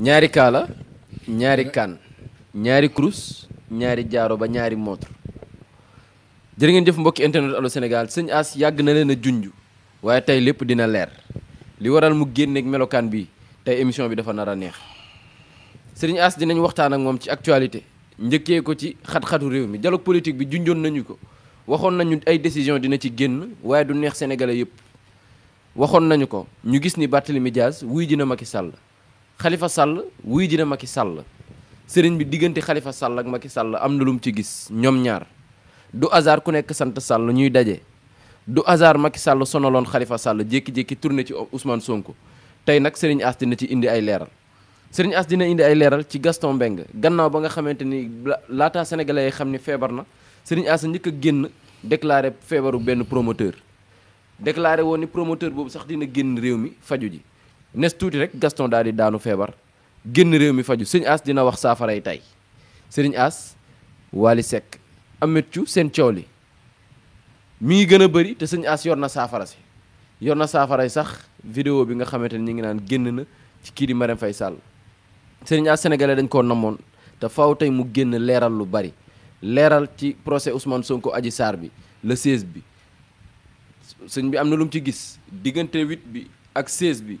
ñaari kaala ñaari kaan ñaari kurus ñaari jaaro ba ñaari montre jërë ngeen jëf mbokki internet Allô Sénégal sëñ As yàgg na leen a junj waaye tey lépp dina leer li waral mu génneeg melokaan bi tey émission bi dafa nar a neex sëriñ As dinañ waxtaan ak moom ci actualité njëkkee ko ci xat-xatu réew mi dialogue politique bi junjoon nañu ko waxoon nañu ay décision dina ci génn waaye du neex sénégalais yëpp waxoon nañu ko ñu gis ni Barthélémy Dias wuy dina Macky Sall xalifa Sall wuy dina Macky Sall sëriñ bi diggante xalifa Sall ak Macky Sall am na lum ci gis ñoom ñaar du hasard ku nekk sant Sall ñuy daje du hasard Macky Sall sonaloon xalifa Sall jékki-jékki tourné ci Ousmane Sonko tey nag sëriñ As dina ci indi ay leeral sëriñ As dina indi ay leeral ci Gaston Mbengue gannaaw ba nga xamante ni laataa sénégalais yi xam ni feebar na sëriñ As njëkk a génn déclaré feebaru benn promoteur déclaré woon ni promoteur boobu sax dina génn réew mi faju ji nes tuuti rek Gaston daal di daanu feebar génn réew mi faju sëñ As dina wax saafaray tey sëñ As Waly Seck Ameth Thiou seen coow li mi ngi gën a bëri te sëñ As yor na saafara si yor na yi sax video bi nga xamante ne ñu ngi naan génn na ci kii di Marème Faye Sall sëriñ As sénégalais dañ koo namoon te faaw tey mu génn leeral lu bari leeral ci procès Ousmane Sonko aji saar bi le 16 bi sëñ bi am na lu mu ci gis diggante wit bi ak 16 bi